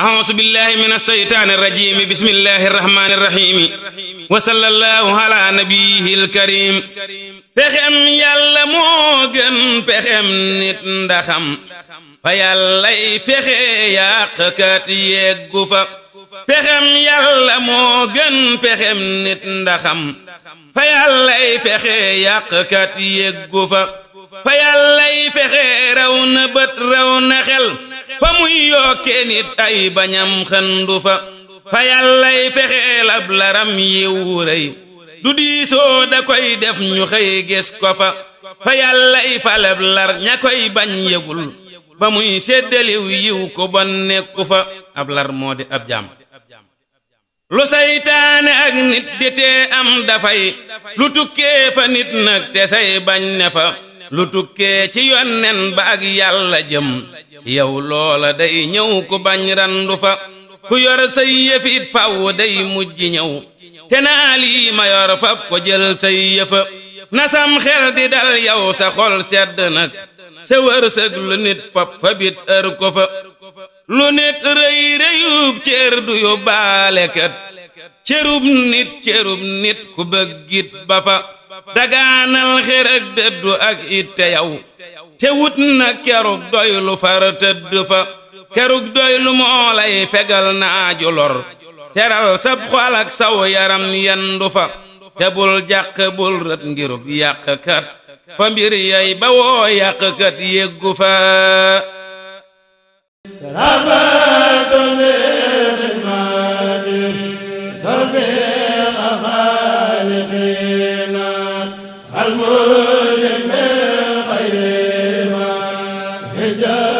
أعوذ بالله من الشيطان الرجيم بسم الله الرحمن الرحيم وصلى الله على نبيه الكريم pexem yàlla moo gën pexem nit ndaxam fa yàllay fexe yàqkat yeggu fa pexem yàlla moo gën pexem nit ndaxam fa yàllay fexe yàqkat yeggu fa fa yàllay fexe raw na bët raw na xel fa muy yokkee nit ay bañam xëndu fa fa yàllay fexeel ab laram yiwu rëy du diisoo da koy def ñu xëy gis ko fa fa yàllay faleb lar ña koy bañ yëgul ba muy séddaliw yiw ko bon nekku fa ab lar moo di ab jaam lu saytaane ak nit di tee am dafay lu tukkee fa nit nag te bañ ne fa lu tukkee ci yonnen ba ak yàlla jëm yow loola day ñëw ku bañ randu fa ku yor say faw day mujj ñëw te naa lii ma yor fab ko jël say yëfa nasam xel di dal yow sa xol sedd nag sa wërsëg lu nit fab fabit ër ko fa lu nit rëy rëyub cër du yu baalekat cërub nit cërub nit ku bëggit ba fa dagaanal xer dëddu ak itte yow te wut na kerug doylu far tëdd fa kerug doylu moo fegal naaju lor seral sab xol saw yaram yendu fa te bul jàq bul rët ngirub yàqkat fa mbir yey ba woo yàqkat yéggu fa المؤمن ja